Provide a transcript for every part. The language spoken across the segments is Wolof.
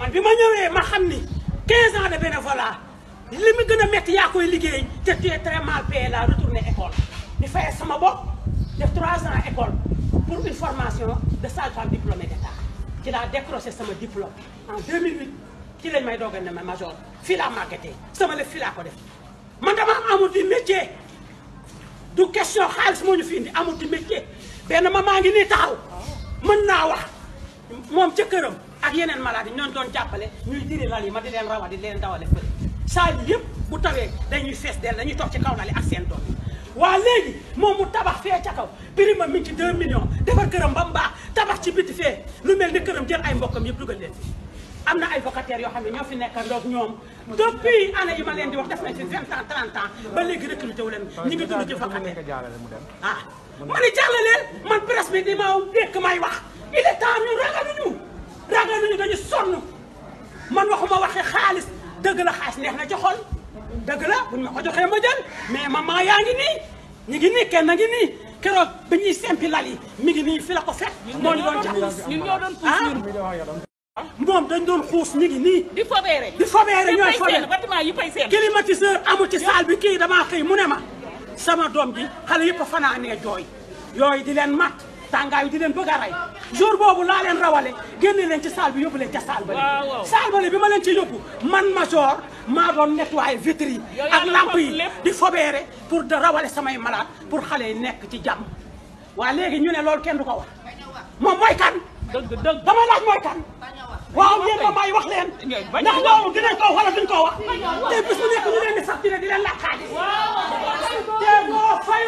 man bima ñëwé ma xamni 15 ans de bénévolat li mu gën a métti yaa koy liggéey té tu es très mal payé la retourner école di fayé sama bok def 3 ans école pour une formation de sage-femme diplômée d'État qui l'a décroché sama diplôme en 2008 ci lañ may doog a ma major fi la marketé sama le fii la ko def man dama amul di métier du question xaliss moñu fi indi amul di métier benn ma maa ngi nii taxaw mën naa wax mom ci kërëm ak yeneen malade yi ñoon doon jàppale ñuy diri lal yi ma di leen rawa di leen dawale fële saa yi yëpp bu tawee dañuy fees del dañuy toog ci kaw lal yi ak seen doom yi waa léegi moom mu tabax fee ca kaw prima mi ci 2 millions defar këram ba mu baax tabax ci biti fee lu mel ni këram jël ay mbokkam yëpp dugal leen am ay vacataires yo xam ne ñoo fi nekk ndoog ñoom depuis année yi ma leen di wax def nañ fi 20 ans 30 ans ba légui recruté wu leen ñi ngi dund ci vacataire ah ma ne man presse bi di ma dégg may wax il est temps ñu ñu ragal nañu dañu sonn man waxuma waxi xaalis dëgg la xaalis neex na ci xol dëgg la buñ ma ko joxee ma jël mais maman yaa ngi nii ñu ngi nii kenn na ngi nii keroog ba ñuy simpi lal yi mi ngi nii fi la ko fekk moo ñu doon jàpp ñun ñoo doon puus moom dañ doon xuus ñu ngi nii. di fobeere di fobeere ñooy fobeere bâtiment yi fay seen climatiseur amul ci salle bi kii damaa xëy mu ne ma sama doom ji xale yëpp a fanaanee jooy yooyu di leen matt tangay di len bëgg ray jour bobu la len rawale genn len ci salle bi yóbbu leen ca salle bi salle bi bima len ci yóbbu man major ma doon nettoyer vitre ak lampe yi di fobéré pour de rawale samay malade pour xale nek ci jam wa légui ñu ne loolu kenn du ko wax mom moy kan dama la moy kan waaw yéen ma bàyyi wax leen ndax loolu dinañ ko wala duñ ko wax te bis bu ñu leen di sax di leen laaj xaalis te boo fay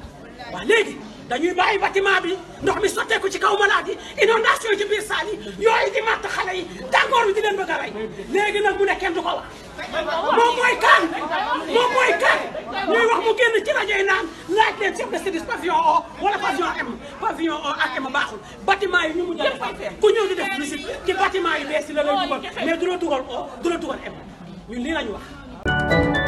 waaw léegi dañuy bàyyi bâtiment bi ndox mi sotteeku ci kaw malade yi inondation ci biir saal yi yooyu di matt xale yi tàngoor bi di leen ba a rey léegi nag mu ne kenn du ko wax moom mooy kan moom mooy kan ñuy wax mu génn ci rajo yi naan laaj leen chef de service pavillon O wala pavillon M pavillon O ak M baaxul bâtiment yi ñu mu jël ku ñëw di def visite ci bâtiment yi bees yi la lay du la dugal O du la dugal M ñun lii lañu wa